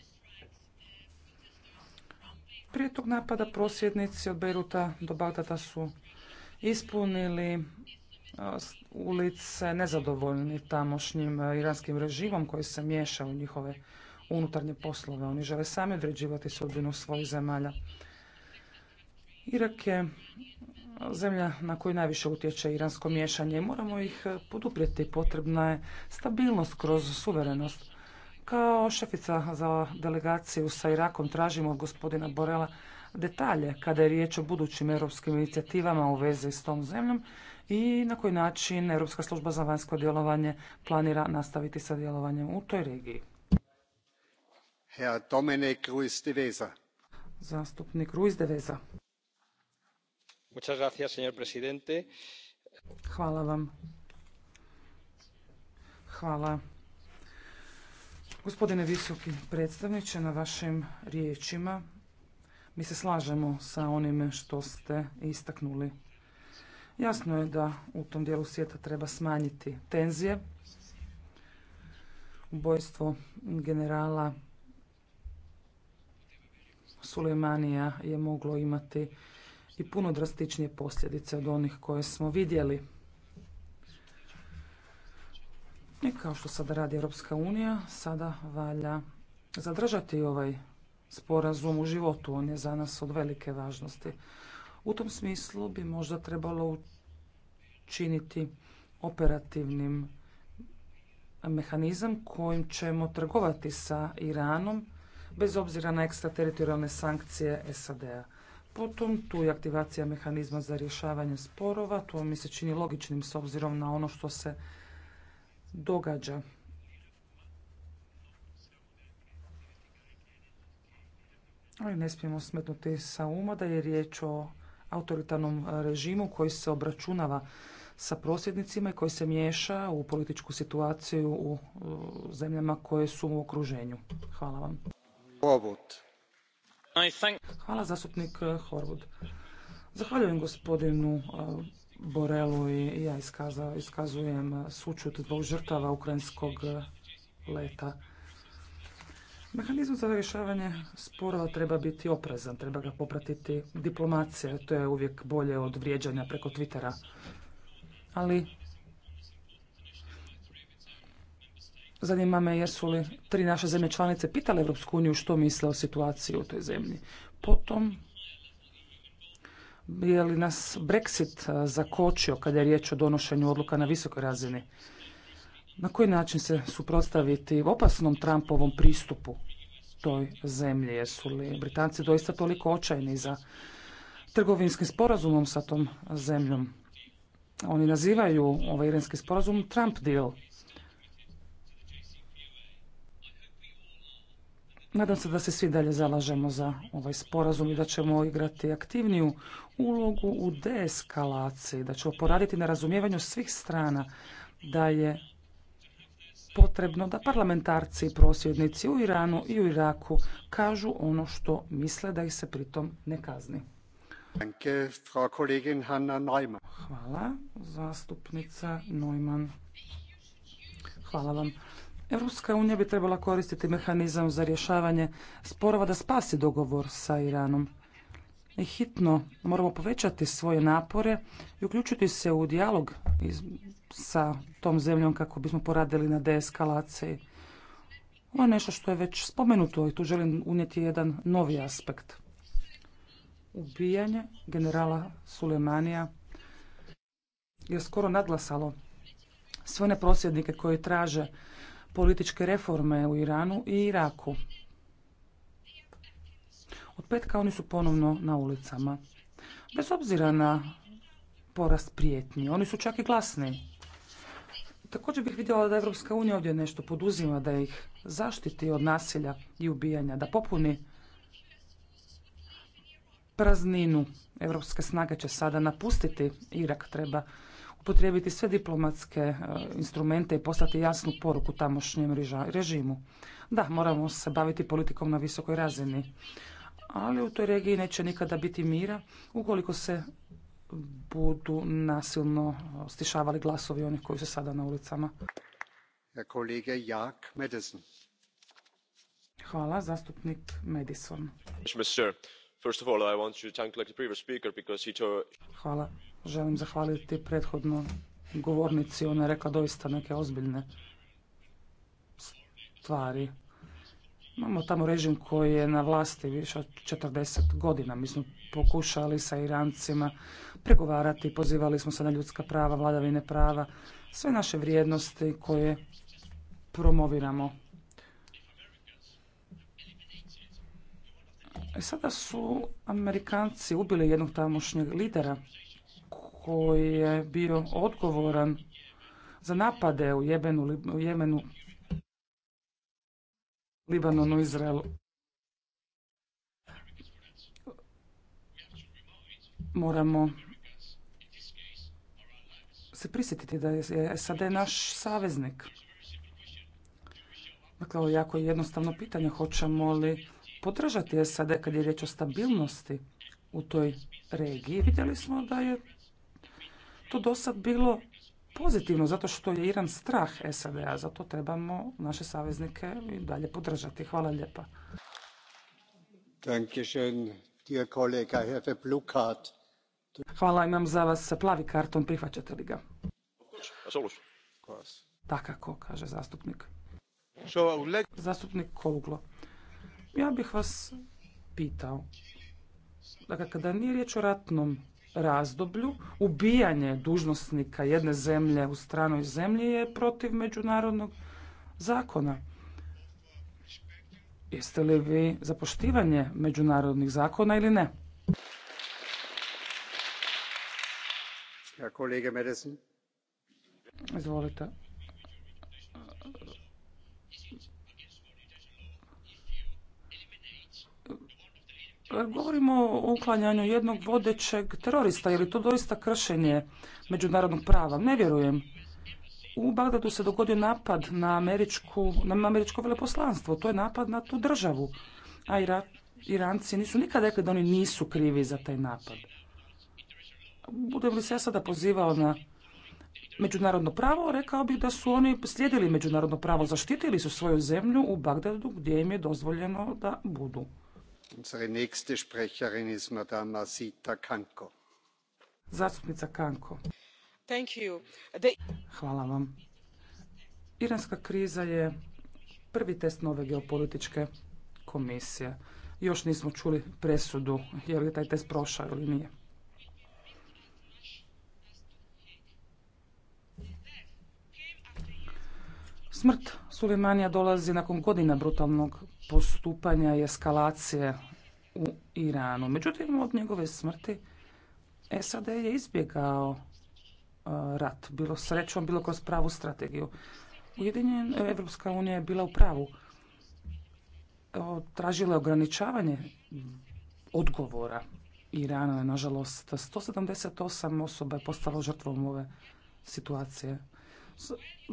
Prije tog napada prosvjednici od Beruta do Bagdada su ispunili ulice nezadovoljni tamošnjim e, iranskim režimom koji se miješa u njihove unutarnje poslove. Oni žele sami određivati sudbinu svojih zemalja. Irak je zemlja na koju najviše utječe iransko miješanje i moramo ih e, poduprijeti. Potrebna je stabilnost kroz suverenost. Kao šefica za delegaciju sa Irakom tražimo od gospodina Borela detalje kada je riječ o budućim europskim inicijativama u vezi s tom zemljom i na koji način Europska služba za vanjsko djelovanje planira nastaviti sa djelovanjem u toj regiji. Herr Dominik Ruiz Zastupnik Ruiz de Muchas gracias, presidente. Hvala vam. Hvala. Gospodine visoki predstavniče, na vašim riječima mi se slažemo sa onime što ste istaknuli. Jasno je da u tom dijelu svijeta treba smanjiti tenzije. Ubojstvo generala Sulejmanija je moglo imati i puno drastičnije posljedice od onih koje smo vidjeli. I kao što sada radi Europska unija, sada valja zadržati ovaj sporazum u životu. On je za nas od velike važnosti. U tom smislu bi možda trebalo učiniti operativnim mehanizam kojim ćemo trgovati sa Iranom bez obzira na ekstrateritorijalne sankcije SAD-a. Potom tu je aktivacija mehanizma za rješavanje sporova, to mi se čini logičnim s obzirom na ono što se događa. Ali ne smijemo smetnuti sa uma da je riječ o autoritarnom e, režimu koji se obračunava sa prosvjednicima i koji se miješa u političku situaciju u e, zemljama koje su u okruženju. Hvala vam. Hvala zastupnik e, Horvud. Zahvaljujem gospodinu Borelu i ja iskazujem sučut zbog žrtava ukrajinskog leta. Mehanizam za rješavanje sporova treba biti oprezan, treba ga popratiti diplomacija, to je uvijek bolje od vrijeđanja preko Twittera. Ali zanima me jesu li tri naše zemlje članice pitale Europsku uniju što misle o situaciji u toj zemlji. Potom je li nas Brexit zakočio kada je riječ o donošenju odluka na visokoj razini? na koji način se suprotstaviti opasnom Trumpovom pristupu toj zemlji? Jesu li Britanci doista toliko očajni za trgovinskim sporazumom sa tom zemljom? Oni nazivaju ovaj iranski sporazum Trump deal. Nadam se da se svi dalje zalažemo za ovaj sporazum i da ćemo igrati aktivniju ulogu u deeskalaciji, da ćemo poraditi na razumijevanju svih strana da je potrebno da parlamentarci i prosvjednici u Iranu i u Iraku kažu ono što misle da ih se pritom ne kazni. Hvala, zastupnica Neumann. Hvala vam. Evropska unija bi trebala koristiti mehanizam za rješavanje sporova da spasi dogovor sa Iranom hitno moramo povećati svoje napore i uključiti se u dijalog sa tom zemljom kako bismo poradili na deeskalaciji. Ovo je nešto što je već spomenuto i tu želim unijeti jedan novi aspekt. Ubijanje generala Sulemanija je skoro nadlasalo sve one prosvjednike koji traže političke reforme u Iranu i Iraku. Od petka oni su ponovno na ulicama. Bez obzira na porast prijetnji, oni su čak i glasni. Također bih vidjela da Evropska unija ovdje nešto poduzima, da ih zaštiti od nasilja i ubijanja, da popuni prazninu. Evropske snage će sada napustiti Irak, treba upotrijebiti sve diplomatske e, instrumente i poslati jasnu poruku tamošnjem režimu. Da, moramo se baviti politikom na visokoj razini ali u toj regiji neće nikada biti mira ukoliko se budu nasilno stišavali glasovi onih koji su sada na ulicama. Hvala, zastupnik Madison. Hvala, želim zahvaliti prethodno govornici, ona je rekla doista neke ozbiljne stvari. Imamo tamo režim koji je na vlasti više od 40 godina. Mi smo pokušali sa Irancima pregovarati, pozivali smo se na ljudska prava, vladavine prava, sve naše vrijednosti koje promoviramo. I e, sada su Amerikanci ubili jednog tamošnjeg lidera koji je bio odgovoran za napade u u Jemenu Libanonu, Izraelu. Moramo se prisjetiti da je SAD naš saveznik. Dakle, ovo je jako jednostavno pitanje. Hoćemo li podržati SAD kad je riječ o stabilnosti u toj regiji? Vidjeli smo da je to do sad bilo pozitivno zato što je Iran strah SAD-a, zato trebamo naše saveznike i dalje podržati. Hvala lijepa. Hvala, imam za vas plavi karton, prihvaćate li ga? Takako, kaže zastupnik. Zastupnik koglo Ja bih vas pitao, dakle, kada nije riječ o ratnom razdoblju ubijanje dužnosnika jedne zemlje u stranoj zemlji je protiv međunarodnog zakona. Jeste li vi za poštivanje međunarodnih zakona ili ne? Ja, kolega Izvolite. Govorimo o uklanjanju jednog vodećeg terorista. Je li to doista kršenje međunarodnog prava? Ne vjerujem. U Bagdadu se dogodio napad na, američku, na američko veleposlanstvo. To je napad na tu državu. A Iranci nisu nikad rekli da oni nisu krivi za taj napad. Budem li se ja sada pozivao na međunarodno pravo, rekao bih da su oni slijedili međunarodno pravo, zaštitili su svoju zemlju u Bagdadu gdje im je dozvoljeno da budu. Zastupnica Kanko. Hvala vam. Iranska kriza je prvi test nove geopolitičke komisije. Još nismo čuli presudu je li taj test prošao ili nije. Smrt Sulemanija dolazi nakon godina brutalnog postupanja i eskalacije u Iranu. Međutim, od njegove smrti SAD je izbjegao e, rat, bilo srećom, bilo kroz pravu strategiju. Ujedinjen, e, Evropska unija je bila u pravu. Tražila je ograničavanje odgovora Irana je, nažalost, 178 osoba je postalo žrtvom ove situacije.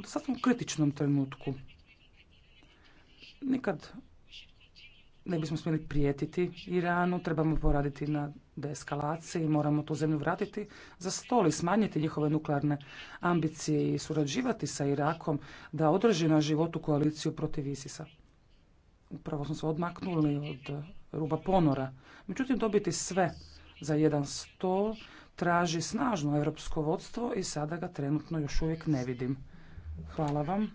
Sad smo u kritičnom trenutku. Nikad ne bismo smjeli prijetiti Iranu, trebamo poraditi na deeskalaciji, moramo tu zemlju vratiti za stol i smanjiti njihove nuklearne ambicije i surađivati sa Irakom da održi na životu koaliciju protiv ISIS-a. Upravo smo se odmaknuli od ruba ponora. Međutim, dobiti sve za jedan stol traži snažno europsko vodstvo i sada ga trenutno još uvijek ne vidim. Hvala vam.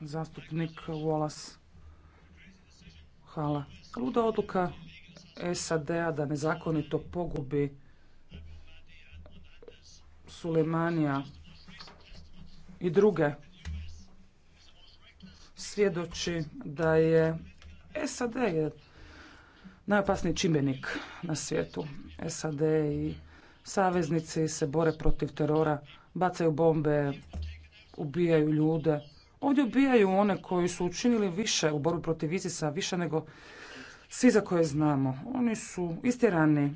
Zastupnik Wallace. Hvala. Luda odluka SAD-a da nezakonito pogubi Sulemanija i druge svjedoči da je SAD je najopasniji čimbenik na svijetu. SAD i saveznici se bore protiv terora, bacaju bombe, ubijaju ljude. Ovdje ubijaju one koji su učinili više u borbi protiv Isisa, više nego svi za koje znamo. Oni su istirani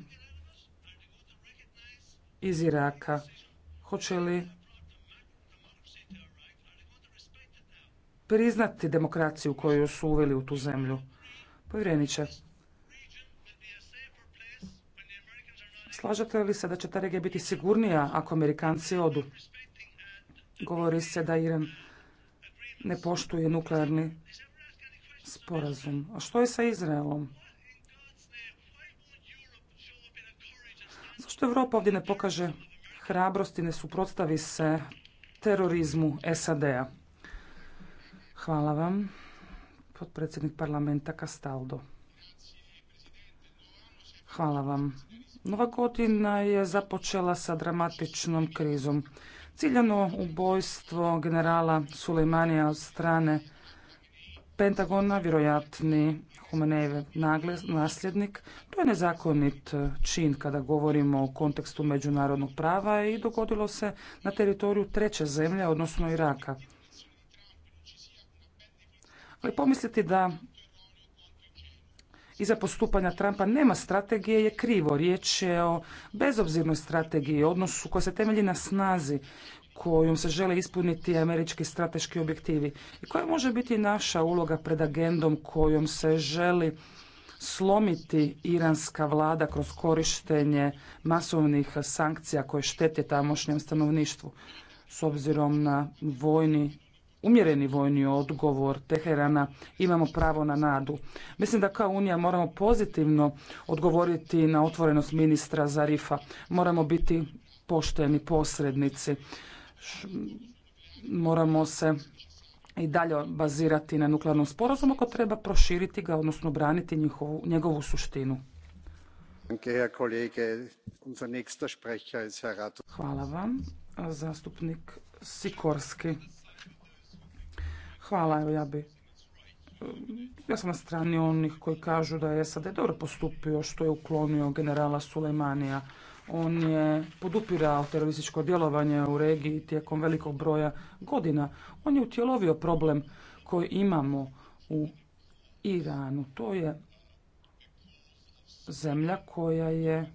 iz Iraka. Hoće li priznati demokraciju koju su uveli u tu zemlju? Povjereniče, slažete li se da će ta regija biti sigurnija ako Amerikanci odu? Govori se da Iran ne poštuje nuklearni sporazum. A što je sa Izraelom? Zašto Europa ovdje ne pokaže hrabrost i ne suprotstavi se terorizmu SAD-a? Hvala vam, potpredsjednik parlamenta Castaldo. Hvala vam. Nova godina je započela sa dramatičnom krizom ciljano ubojstvo generala Sulejmanija od strane Pentagona, vjerojatni Humanejev nasljednik. To je nezakonit e, čin kada govorimo o kontekstu međunarodnog prava i dogodilo se na teritoriju treće zemlje, odnosno Iraka. Ali pomisliti da iza postupanja Trumpa nema strategije je krivo. Riječ je o bezobzirnoj strategiji, odnosu koja se temelji na snazi kojom se žele ispuniti američki strateški objektivi. I koja može biti naša uloga pred agendom kojom se želi slomiti iranska vlada kroz korištenje masovnih sankcija koje štete tamošnjem stanovništvu s obzirom na vojni umjereni vojni odgovor Teherana imamo pravo na nadu. Mislim da kao Unija moramo pozitivno odgovoriti na otvorenost ministra Zarifa. Moramo biti pošteni posrednici. Moramo se i dalje bazirati na nuklearnom sporazumu ako treba proširiti ga, odnosno braniti njegovu suštinu. Hvala vam. Zastupnik Sikorski. Hvala, evo ja bi... Ja sam na strani onih koji kažu da je SAD dobro postupio što je uklonio generala Sulejmanija. On je podupirao terorističko djelovanje u regiji tijekom velikog broja godina. On je utjelovio problem koji imamo u Iranu. To je zemlja koja je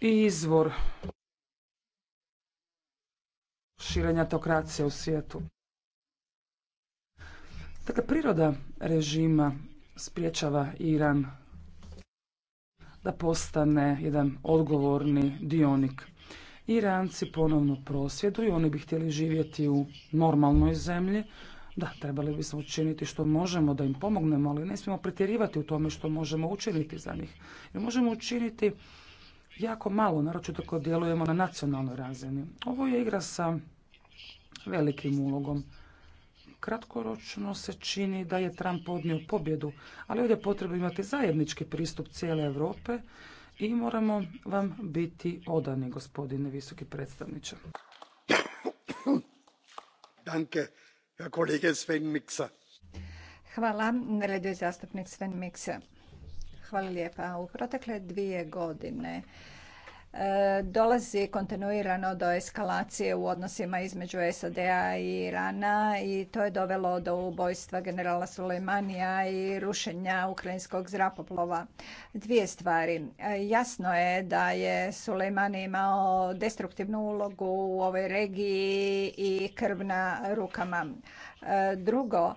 izvor širenja teokracije u svijetu. Dakle, priroda režima spriječava Iran da postane jedan odgovorni dionik. Iranci ponovno prosvjeduju, oni bi htjeli živjeti u normalnoj zemlji. Da, trebali bismo učiniti što možemo da im pomognemo, ali ne smijemo pretjerivati u tome što možemo učiniti za njih. Jer možemo učiniti jako malo, naročito ako djelujemo na nacionalnoj razini. Ovo je igra sa velikim ulogom. Kratkoročno se čini da je Trump podnio pobjedu, ali ovdje je potrebno imati zajednički pristup cijele Europe i moramo vam biti odani, gospodine visoki predstavniče. Danke, Sven Hvala, zastupnik Sven Miksa. Hvala lijepa. U protekle dvije godine dolazi kontinuirano do eskalacije u odnosima između SAD-a i Irana i to je dovelo do ubojstva generala Sulejmanija i rušenja ukrajinskog zrakoplova. Dvije stvari. Jasno je da je Sulejman imao destruktivnu ulogu u ovoj regiji i krv na rukama. Drugo,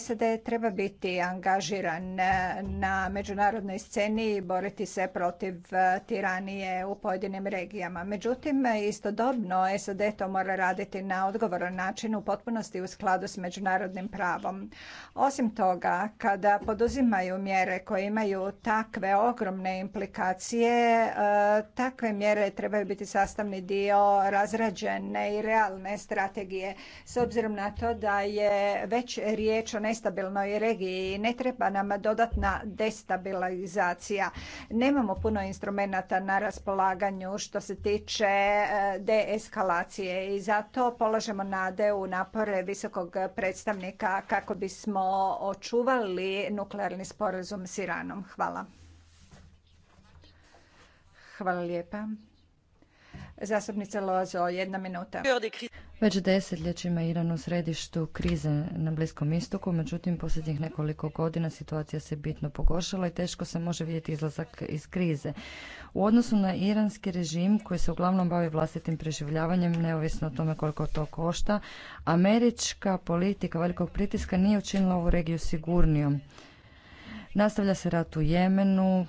SAD treba biti angažiran na međunarodnoj sceni i boriti se protiv eh, tiranije u pojedinim regijama. Međutim, istodobno SAD to mora raditi na odgovoran način u potpunosti u skladu s međunarodnim pravom. Osim toga, kada poduzimaju mjere koje imaju takve ogromne implikacije, eh, takve mjere trebaju biti sastavni dio razrađene i realne strategije. S obzirom na to da je već riječ o nestabilnoj regiji ne treba nam dodatna destabilizacija. Nemamo puno instrumenata na raspolaganju što se tiče e, deeskalacije i zato polažemo nade u napore visokog predstavnika kako bismo očuvali nuklearni sporazum s Iranom. Hvala. Hvala lijepa. Zastupnica Lozo, jedna minuta. Već desetljećima Iran u središtu krize na Bliskom istoku, međutim posljednjih nekoliko godina situacija se bitno pogoršala i teško se može vidjeti izlazak iz krize. U odnosu na iranski režim koji se uglavnom bavi vlastitim preživljavanjem, neovisno o tome koliko to košta, američka politika velikog pritiska nije učinila ovu regiju sigurnijom. Nastavlja se rat u Jemenu,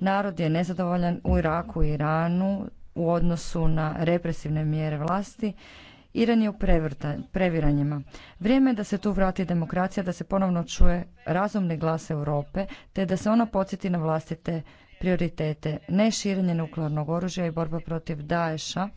narod je nezadovoljan u Iraku i Iranu, u odnosu na represivne mjere vlasti, Iran je u previranjima. Vrijeme je da se tu vrati demokracija, da se ponovno čuje razumni glas Europe, te da se ona podsjeti na vlastite prioritete. Ne širenje nuklearnog oružja i borba protiv Daesha,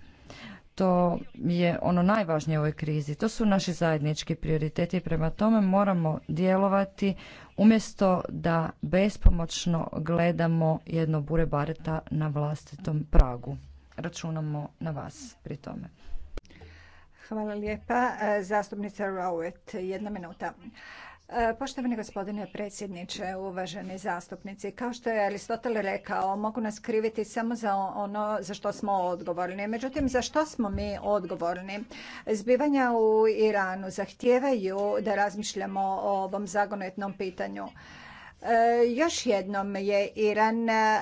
to je ono najvažnije u ovoj krizi. To su naši zajednički prioriteti i prema tome moramo djelovati umjesto da bespomoćno gledamo jedno bure bareta na vlastitom pragu računamo na vas pri tome. Hvala lijepa. Zastupnica Rowett, jedna minuta. Poštovani gospodine predsjedniče, uvaženi zastupnici, kao što je Aristotel rekao, mogu nas kriviti samo za ono za što smo odgovorni. Međutim, za što smo mi odgovorni? Zbivanja u Iranu zahtijevaju da razmišljamo o ovom zagonetnom pitanju. E, još jednom je Iran e,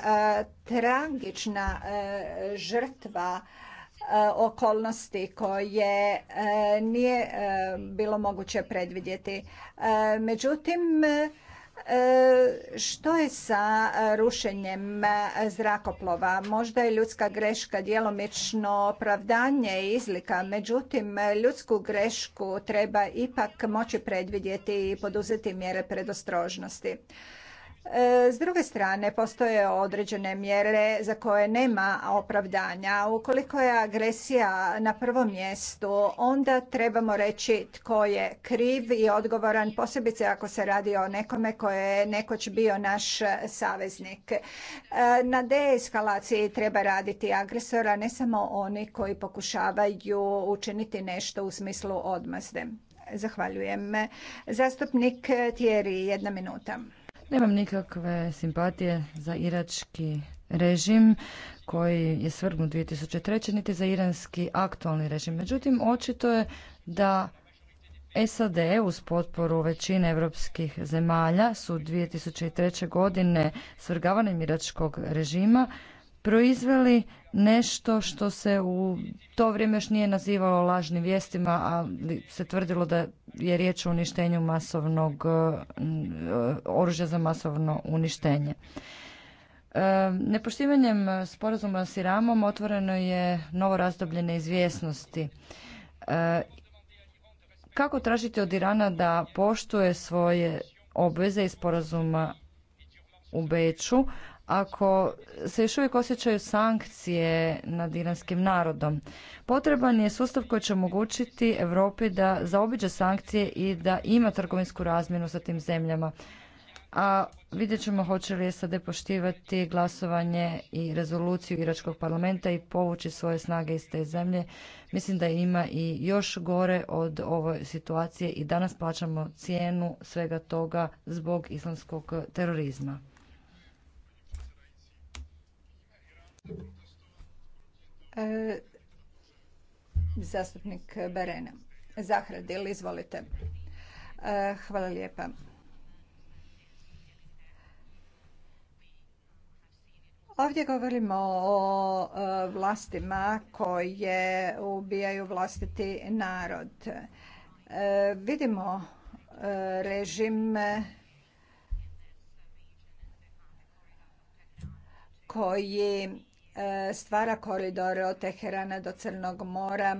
tragična e, žrtva okolnosti koje nije bilo moguće predvidjeti. Međutim, E, što je sa e, rušenjem e, zrakoplova? Možda je ljudska greška djelomično opravdanje i izlika, međutim ljudsku grešku treba ipak moći predvidjeti i poduzeti mjere predostrožnosti. E, s druge strane, postoje određene mjere za koje nema opravdanja. Ukoliko je agresija na prvom mjestu, onda trebamo reći tko je kriv i odgovoran, posebice ako se radi o nekome koje je nekoć bio naš saveznik. E, na deeskalaciji treba raditi agresora, ne samo oni koji pokušavaju učiniti nešto u smislu odmazde. Zahvaljujem. Zastupnik Tjeri, jedna minuta. Nemam nikakve simpatije za irački režim koji je svrgnut 2003. niti za iranski aktualni režim. Međutim, očito je da SAD uz potporu većine europskih zemalja su 2003. godine svrgavanjem iračkog režima proizveli nešto što se u to vrijeme još nije nazivalo lažnim vijestima, ali se tvrdilo da je riječ o uništenju masovnog e, e, oružja za masovno uništenje. E, nepoštivanjem sporazuma s Iramom otvoreno je novo razdoblje neizvjesnosti. Kako tražiti od Irana da poštuje svoje obveze iz sporazuma u Beču, ako se još uvijek osjećaju sankcije nad iranskim narodom. Potreban je sustav koji će omogućiti Europi da zaobiđe sankcije i da ima trgovinsku razmjenu sa tim zemljama. A vidjet ćemo hoće li SAD poštivati glasovanje i rezoluciju Iračkog parlamenta i povući svoje snage iz te zemlje. Mislim da ima i još gore od ove situacije i danas plaćamo cijenu svega toga zbog islamskog terorizma. E, zastupnik Berena. Zahradil, izvolite. E, hvala lijepa. Ovdje govorimo o vlastima koje ubijaju vlastiti narod. E, vidimo režim koji stvara koridore od Teherana do Crnog mora.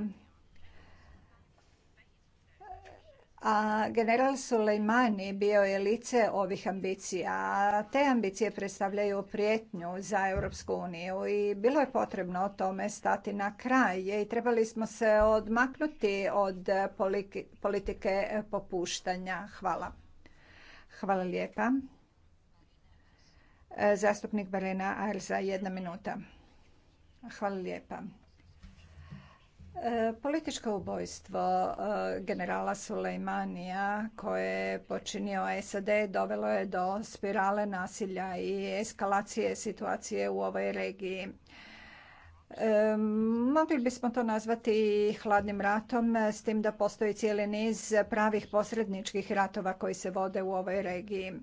A general Sulejmani bio je lice ovih ambicija. te ambicije predstavljaju prijetnju za Europsku uniju i bilo je potrebno o tome stati na kraj i trebali smo se odmaknuti od politike popuštanja. Hvala. Hvala lijepa. Zastupnik Barena Arza, jedna minuta. Hvala lijepa. E, političko ubojstvo e, generala Sulejmanija koje je počinio SAD dovelo je do spirale nasilja i eskalacije situacije u ovoj regiji. E, mogli bismo to nazvati hladnim ratom, s tim da postoji cijeli niz pravih posredničkih ratova koji se vode u ovoj regiji.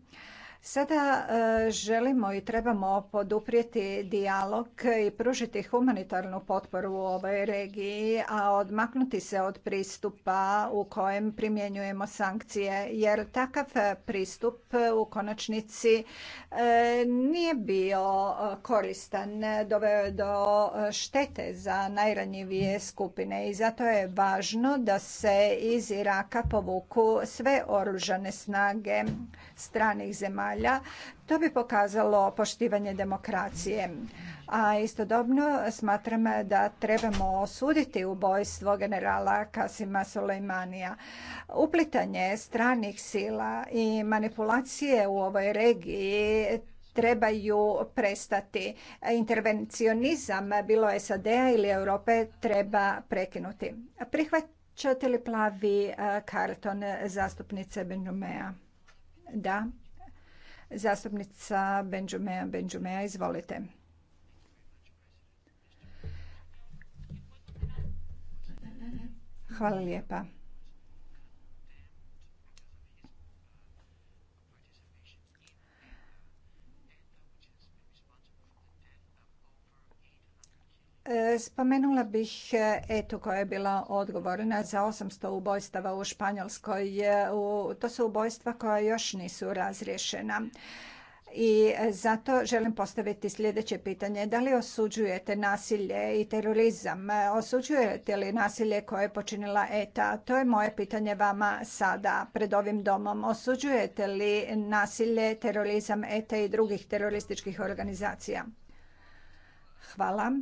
Sada e, želimo i trebamo poduprijeti dijalog i pružiti humanitarnu potporu u ovoj regiji, a odmaknuti se od pristupa u kojem primjenjujemo sankcije, jer takav pristup u konačnici e, nije bio koristan, doveo je do štete za najranjivije skupine i zato je važno da se iz Iraka povuku sve oružane snage stranih zemalja zemalja. To bi pokazalo poštivanje demokracije. A istodobno smatram da trebamo osuditi ubojstvo generala Kasima Soleimanija. Uplitanje stranih sila i manipulacije u ovoj regiji trebaju prestati. Intervencionizam, bilo SAD-a ili Europe, treba prekinuti. Prihvaćate li plavi eh, karton zastupnice Benjumea? Da. Zastupnica Benđumea Benđumea, izvolite. Hvala lijepa. E, spomenula bih e, Etu koja je bila odgovorna za 800 ubojstava u Španjolskoj. E, to su ubojstva koja još nisu razriješena. I zato želim postaviti sljedeće pitanje. Da li osuđujete nasilje i terorizam? Osuđujete li nasilje koje je počinila ETA? To je moje pitanje vama sada pred ovim domom. Osuđujete li nasilje, terorizam ETA i drugih terorističkih organizacija? Hvala.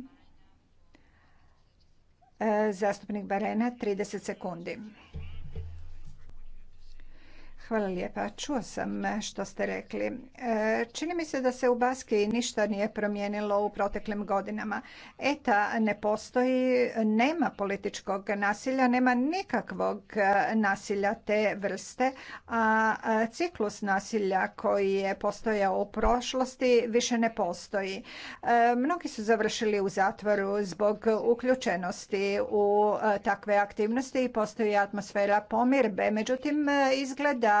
Zastupnik Barena, 30 sekundi. Hvala lijepa. Čuo sam što ste rekli. E, čini mi se da se u Baski ništa nije promijenilo u proteklim godinama. ETA ne postoji, nema političkog nasilja, nema nikakvog e, nasilja te vrste, a e, ciklus nasilja koji je postojao u prošlosti više ne postoji. Mnogi su završili u zatvoru zbog uključenosti u takve aktivnosti i postoji atmosfera pomirbe. Međutim, izgleda